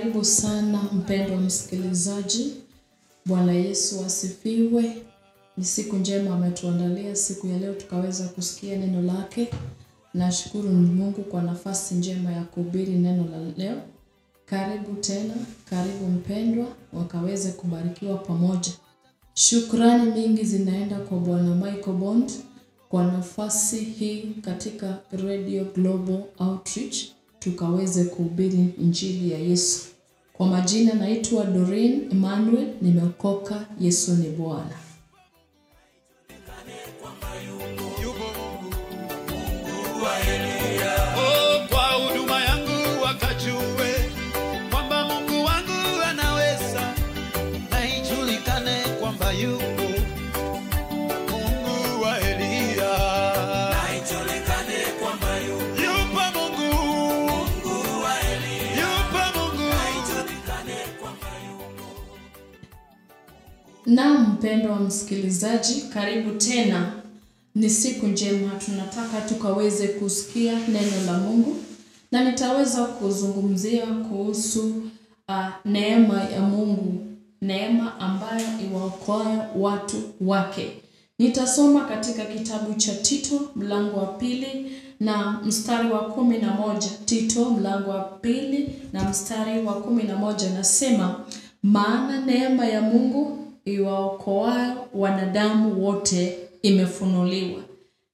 Karibu sana mpendwa msikilizaji. Bwana Yesu asifiwe. Ni siku njema ametuandalia siku ya leo tukaweza kusikia neno lake. Nashukuru Mungu kwa nafasi njema ya kuhubiri neno la leo. Karibu tena, karibu mpendwa, wakaweze kubarikiwa pamoja. Shukrani mingi zinaenda kwa Bwana Michael Bond kwa nafasi hii katika Radio Global Outreach tukaweze kuhubiri injili ya Yesu. Kwa majina naitwa Doreen Emmanuel, nimeokoka. Yesu ni Bwana. Na wa msikilizaji, karibu tena. Ni siku njema, tunataka tukaweze kusikia neno la Mungu na nitaweza kuzungumzia kuhusu uh, neema ya Mungu, neema ambayo iwaokoa watu wake. Nitasoma katika kitabu cha Tito mlango wa pili na mstari wa kumi na moja. Tito mlango wa pili na mstari wa kumi na moja nasema, maana neema ya Mungu iwaokoayo wanadamu wote imefunuliwa.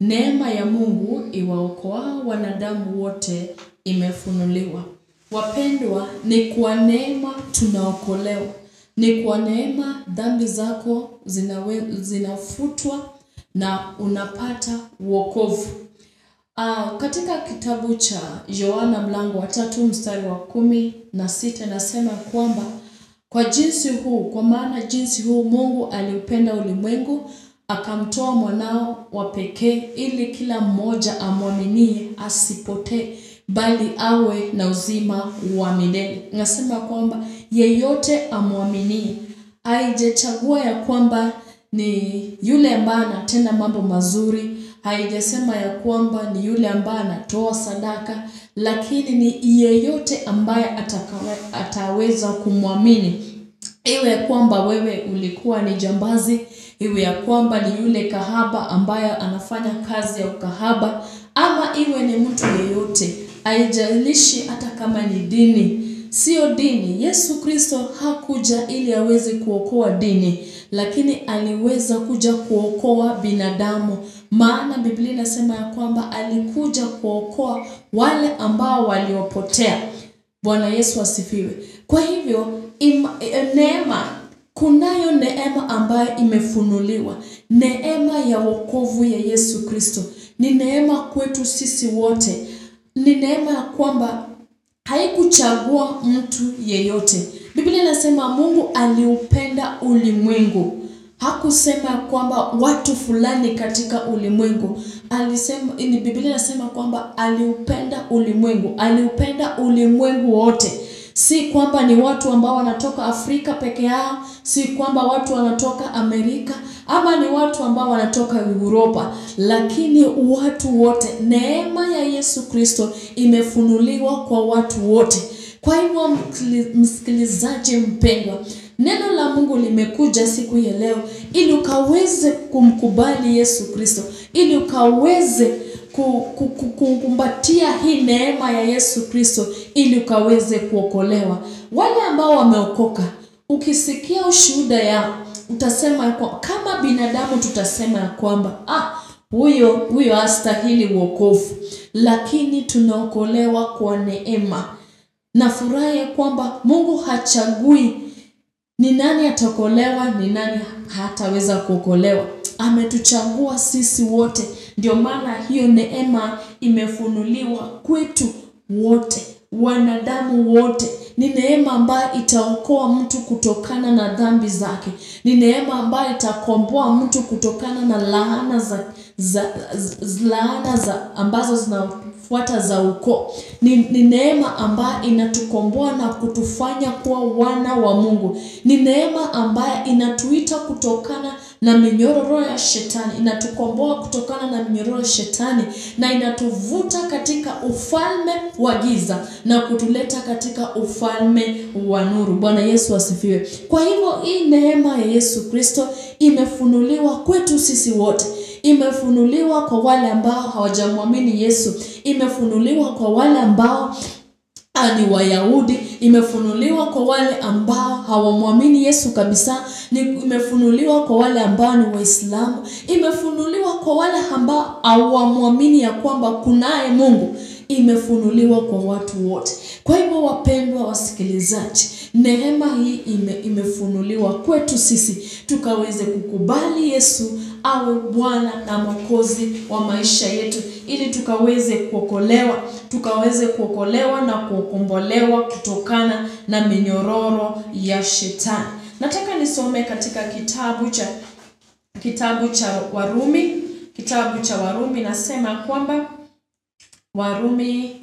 Neema ya Mungu iwaokoao wanadamu wote imefunuliwa. Wapendwa, ni kwa neema tunaokolewa, ni kwa neema dhambi zako zinawe, zinafutwa na unapata wokovu. Aa, ah, katika kitabu cha Yohana mlango wa tatu mstari wa kumi na sita inasema kwamba kwa jinsi huu, kwa maana jinsi huu Mungu aliupenda ulimwengu akamtoa mwanao wa pekee ili kila mmoja amwaminie asipotee bali awe na uzima wa milele. Nasema kwamba yeyote amwaminie aijechagua ya kwamba ni yule ambaye anatenda mambo mazuri haijasema ya kwamba ni yule ambaye anatoa sadaka, lakini ni yeyote ambaye atakawe, ataweza kumwamini iwe ya kwamba wewe ulikuwa ni jambazi, iwe ya kwamba ni yule kahaba ambaye anafanya kazi ya ukahaba, ama iwe ni mtu yeyote, haijalishi hata kama ni dini Sio dini. Yesu Kristo hakuja ili aweze kuokoa dini, lakini aliweza kuja kuokoa binadamu, maana Biblia inasema ya kwamba alikuja kuokoa wale ambao waliopotea. Bwana Yesu asifiwe. Kwa hivyo ima, eh, neema kunayo neema ambayo imefunuliwa, neema ya wokovu ya Yesu Kristo ni neema kwetu sisi wote, ni neema ya kwamba haikuchagua mtu yeyote. Biblia inasema Mungu aliupenda ulimwengu. Hakusema kwamba watu fulani katika ulimwengu. Alisema ni Biblia inasema kwamba aliupenda ulimwengu, aliupenda ulimwengu wote. Si kwamba ni watu ambao wanatoka Afrika peke yao, si kwamba watu wanatoka Amerika, ama ni watu ambao wanatoka Uropa, lakini watu wote, neema ya Yesu Kristo imefunuliwa kwa watu wote. Kwa hivyo msikilizaji mpendwa, neno la Mungu limekuja siku ya leo ili ukaweze kumkubali Yesu Kristo, ili ukaweze kukumbatia hii neema ya Yesu Kristo ili ukaweze kuokolewa. Wale ambao wameokoka, ukisikia ushuhuda yao utasema kwa, kama binadamu tutasema ya kwamba ah, huyo huyo hastahili uokovu lakini tunaokolewa kwa neema. Nafurahi ya kwamba Mungu hachagui ni nani ataokolewa, ni nani hataweza kuokolewa. Ametuchagua sisi wote, ndio maana hiyo neema imefunuliwa kwetu wote, wanadamu wote ni neema ambayo itaokoa mtu kutokana na dhambi zake. Ni neema ambayo itakomboa mtu kutokana na laana za, za, za laana za ambazo zinafuata za ukoo. Ni, ni neema ambayo inatukomboa na kutufanya kuwa wana wa Mungu. Ni neema ambayo inatuita kutokana na minyororo ya shetani, inatukomboa kutokana na minyororo ya shetani na inatuvuta katika ufalme wa giza na kutuleta katika ufalme wa nuru. Bwana Yesu asifiwe. Kwa hivyo hii neema ya Yesu Kristo imefunuliwa kwetu sisi wote imefunuliwa kwa wale ambao hawajamwamini Yesu, imefunuliwa kwa wale ambao ni Wayahudi, imefunuliwa kwa wale ambao hawamwamini Yesu kabisa, imefunuliwa kwa wale ambao ni Waislamu, imefunuliwa kwa wale ambao hawamwamini ya kwamba kunaye Mungu, imefunuliwa kwa watu wote. Kwa hivyo, wapendwa wasikilizaji, neema hii ime, imefunuliwa kwetu sisi tukaweze kukubali Yesu awe Bwana na Mwokozi wa maisha yetu, ili tukaweze kuokolewa, tukaweze kuokolewa na kuokombolewa kutokana na minyororo ya Shetani. Nataka nisome katika kitabu cha kitabu cha Warumi, kitabu cha Warumi nasema kwamba Warumi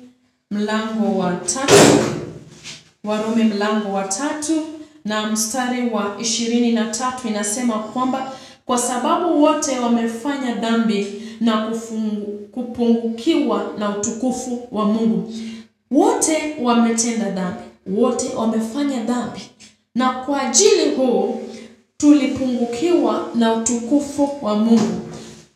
mlango wa tatu, Warumi mlango wa tatu na mstari wa ishirini na tatu inasema kwamba kwa sababu wote wamefanya dhambi na kufungu, kupungukiwa na utukufu wa Mungu. Wote wametenda dhambi, wote wamefanya dhambi, na kwa ajili huu tulipungukiwa na utukufu wa Mungu.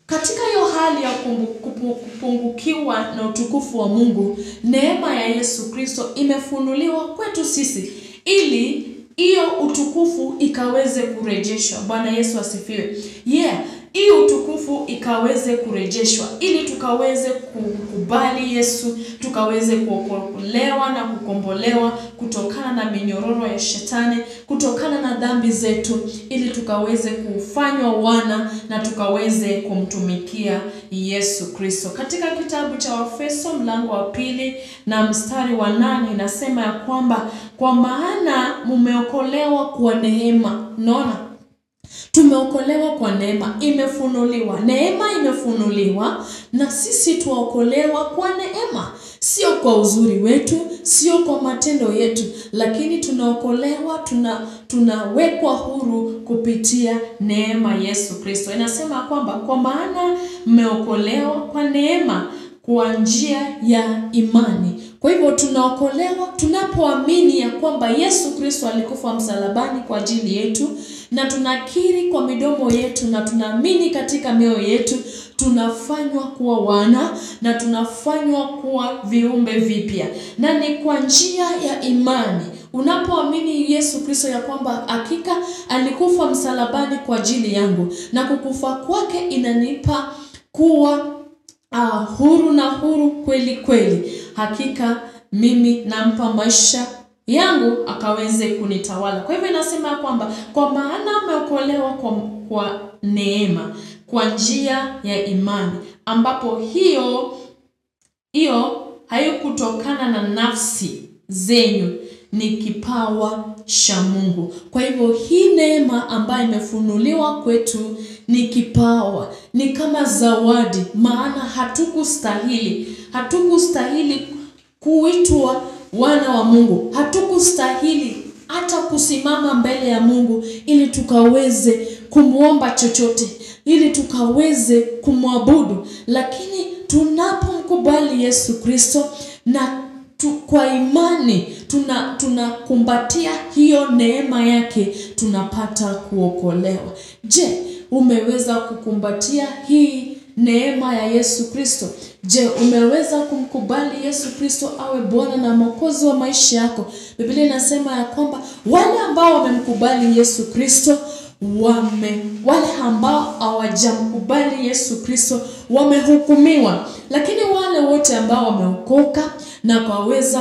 Katika hiyo hali ya kupungukiwa na utukufu wa Mungu, neema ya Yesu Kristo imefunuliwa kwetu sisi ili hiyo utukufu ikaweze kurejeshwa. Bwana Yesu asifiwe. Yeah, hiyo utukufu ikaweze kurejeshwa ili tukaweze kukubali Yesu, tukaweze kuokolewa na kukombolewa kutokana na minyororo ya shetani, kutokana na dhambi zetu, ili tukaweze kufanywa wana na tukaweze kumtumikia Yesu Kristo. Katika kitabu cha Waefeso mlango wa pili na mstari wa nane inasema ya kwamba kwa maana mumeokolewa kwa neema. Unaona? Tumeokolewa kwa neema, imefunuliwa neema, imefunuliwa na sisi tuokolewa kwa neema, sio kwa uzuri wetu, sio kwa matendo yetu, lakini tunaokolewa, tuna tunawekwa huru kupitia neema Yesu Kristo. Inasema kwamba kwa maana mmeokolewa kwa neema, kwa njia ya imani. Kwa hivyo tunaokolewa tunapoamini ya kwamba Yesu Kristo alikufa msalabani kwa ajili yetu na tunakiri kwa midomo yetu na tunaamini katika mioyo yetu tunafanywa kuwa wana na tunafanywa kuwa viumbe vipya, na ni kwa njia ya imani unapoamini Yesu Kristo ya kwamba hakika alikufa msalabani kwa ajili yangu, na kukufa kwake inanipa kuwa uh, huru na huru kweli kweli. Hakika mimi nampa maisha yangu akaweze kunitawala. Kwa hivyo inasema kwamba kwa maana ameokolewa kwa, kwa neema kwa njia ya imani, ambapo hiyo hiyo haikutokana na nafsi zenyu, ni kipawa cha Mungu. Kwa hivyo hii neema ambayo imefunuliwa kwetu ni kipawa, ni kama zawadi, maana hatukustahili, hatukustahili kuitwa wana wa Mungu hatukustahili hata kusimama mbele ya Mungu ili tukaweze kumwomba chochote, ili tukaweze kumwabudu, lakini tunapomkubali Yesu Kristo na tu, kwa imani tuna tunakumbatia hiyo neema yake, tunapata kuokolewa. Je, umeweza kukumbatia hii neema ya Yesu Kristo. Je, umeweza kumkubali Yesu Kristo awe Bwana na Mwokozi wa maisha yako? Biblia inasema ya kwamba wale ambao wamemkubali Yesu Kristo wame wale ambao hawajamkubali Yesu Kristo wamehukumiwa, lakini wale wote ambao wameokoka na kaweza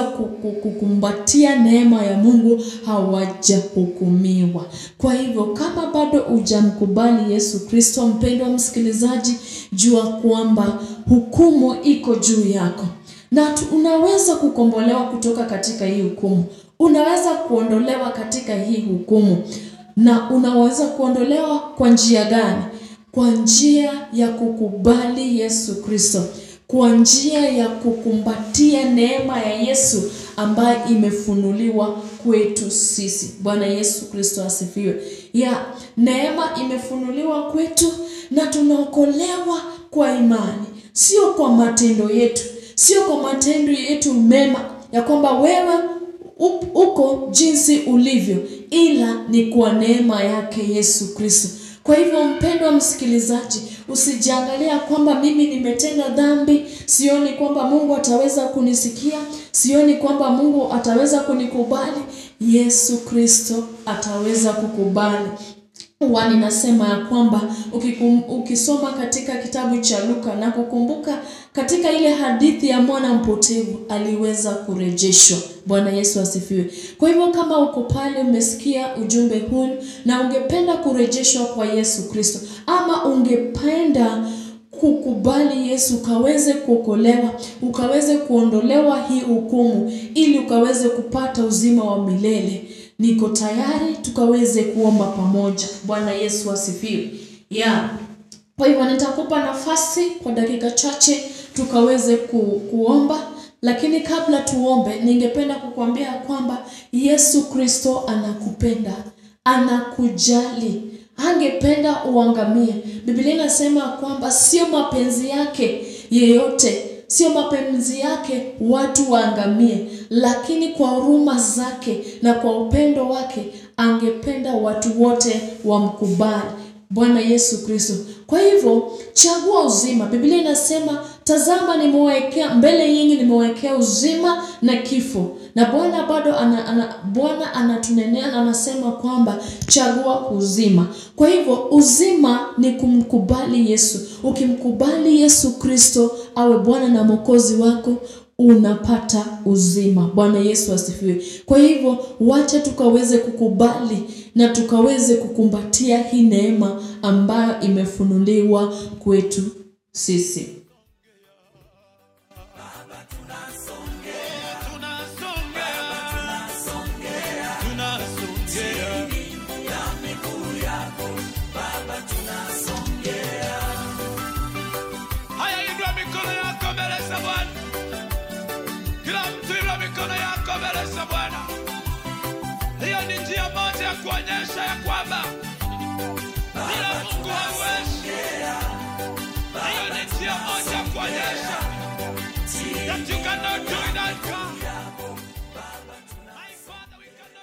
kukumbatia neema ya Mungu hawajahukumiwa. Kwa hivyo kama bado hujamkubali Yesu Kristo, mpendwa msikilizaji, jua kwamba hukumu iko juu yako na unaweza kukombolewa kutoka katika hii hukumu, unaweza kuondolewa katika hii hukumu. Na unaweza kuondolewa kwa njia gani? Kwa njia ya kukubali Yesu Kristo kwa njia ya kukumbatia neema ya Yesu ambayo imefunuliwa kwetu sisi. Bwana Yesu Kristo asifiwe. Ya neema imefunuliwa kwetu na tunaokolewa kwa imani, sio kwa matendo yetu, sio kwa matendo yetu mema ya kwamba wewe uko jinsi ulivyo, ila ni kwa neema yake Yesu Kristo. Kwa hivyo mpendwa msikilizaji, usijiangalia kwamba mimi nimetenda dhambi, sioni kwamba Mungu ataweza kunisikia, sioni kwamba Mungu ataweza kunikubali. Yesu Kristo ataweza kukubali Huwa ninasema ya kwamba ukikum, ukisoma katika kitabu cha Luka na kukumbuka katika ile hadithi ya mwana mpotevu aliweza kurejeshwa. Bwana Yesu asifiwe. Kwa hivyo kama uko pale umesikia ujumbe huu na ungependa kurejeshwa kwa Yesu Kristo ama ungependa kukubali Yesu ukaweze kuokolewa, ukaweze kuondolewa hii hukumu, ili ukaweze kupata uzima wa milele niko tayari tukaweze kuomba pamoja bwana yesu asifiwe yeah. kwa hivyo nitakupa nafasi kwa dakika chache tukaweze ku, kuomba lakini kabla tuombe ningependa kukuambia kwamba yesu kristo anakupenda anakujali angependa uangamie biblia inasema kwamba sio mapenzi yake yeyote Sio mapenzi yake watu waangamie, lakini kwa huruma zake na kwa upendo wake angependa watu wote wamkubali. Bwana Yesu Kristo. Kwa hivyo chagua uzima. Biblia inasema tazama nimewekea mbele yenu nimewekea uzima na kifo na bwana bado ana, ana, bwana anatunenea na anasema kwamba chagua uzima kwa hivyo uzima ni kumkubali yesu ukimkubali yesu kristo awe bwana na mwokozi wako unapata uzima bwana yesu asifiwe kwa hivyo wacha tukaweze kukubali na tukaweze kukumbatia hii neema ambayo imefunuliwa kwetu sisi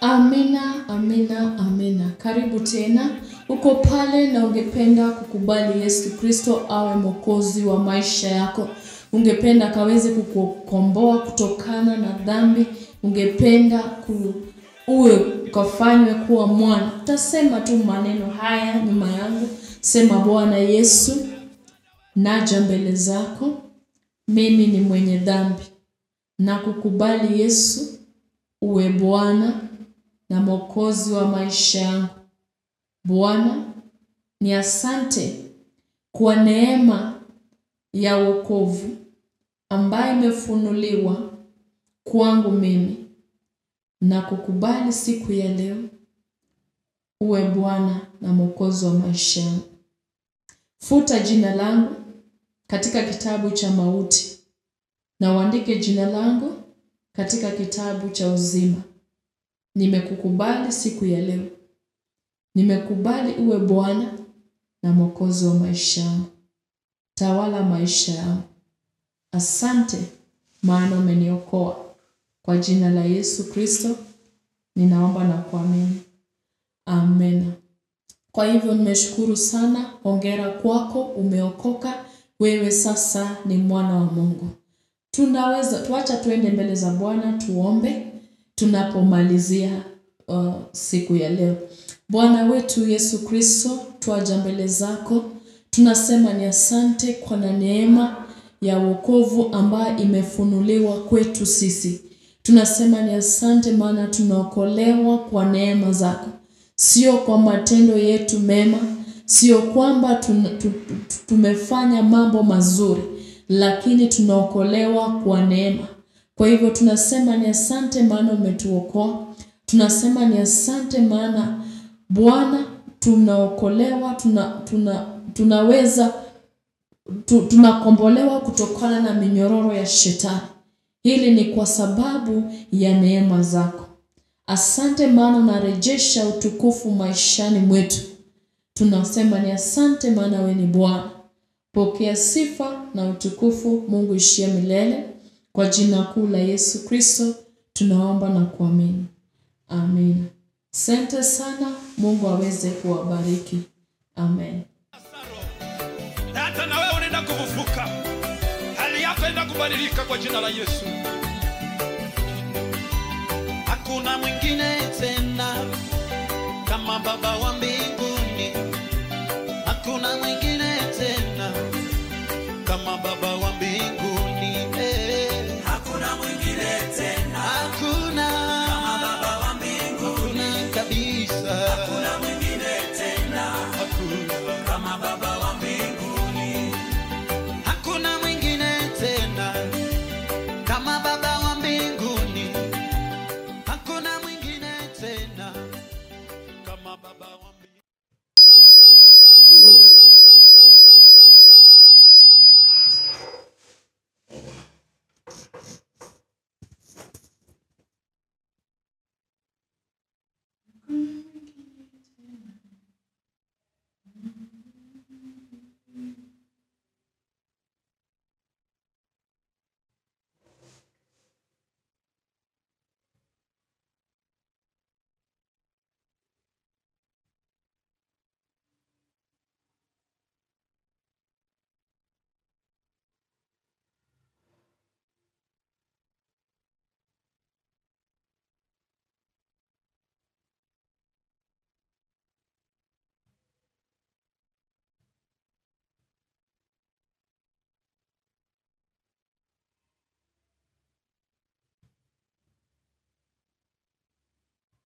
Amina, amina, amina. Karibu tena. Uko pale na ungependa kukubali Yesu Kristo awe mwokozi wa maisha yako, ungependa kaweze kukukomboa kutokana na dhambi, ungependa ku uwe ukafanywe kuwa mwana, utasema tu maneno haya nyuma yangu. Sema, Bwana Yesu, naja mbele zako, mimi ni mwenye dhambi, na kukubali Yesu uwe Bwana na Mwokozi wa maisha yangu. Bwana, ni asante kwa neema ya wokovu ambayo imefunuliwa kwangu mimi na kukubali siku ya leo uwe Bwana na Mwokozi wa maisha yangu. Futa jina langu katika kitabu cha mauti na uandike jina langu katika kitabu cha uzima. Nimekukubali siku ya leo. Nimekubali uwe Bwana na Mwokozi wa maisha yangu. Tawala maisha yangu. Asante maana umeniokoa. Kwa jina la Yesu Kristo ninaomba na kuamini, amen. Kwa hivyo nimeshukuru sana, hongera kwako, umeokoka wewe, sasa ni mwana wa Mungu. Tunaweza tuacha tuende mbele za Bwana tuombe tunapomalizia uh, siku ya leo. Bwana wetu Yesu Kristo, twaja mbele zako, tunasema ni asante kwa na neema ya wokovu ambayo imefunuliwa kwetu sisi. Tunasema ni asante, maana tunaokolewa kwa neema zako, sio kwa matendo yetu mema, sio kwamba tun, tu, tu, tumefanya mambo mazuri, lakini tunaokolewa kwa neema. Kwa hivyo tunasema ni asante maana umetuokoa. Tunasema ni asante maana Bwana tunaokolewa, tuna, tuna, tunaweza tu, tunakombolewa kutokana na minyororo ya shetani. Hili ni kwa sababu ya neema zako. Asante maana unarejesha utukufu maishani mwetu. Tunasema ni asante maana wewe ni Bwana. Pokea sifa na utukufu Mungu ishie milele. Kwa jina kuu la Yesu Kristo tunaomba na kuamini, amen. Sante sana, Mungu aweze kuwabariki, amen. Hata na wewe unaenda kufufuka, hali yako inaenda kubadilika kwa jina la Yesu. Hakuna mwingine tena kama Baba wa mbinguni, hakuna mwingine tena kama Baba wa mbinguni hakuna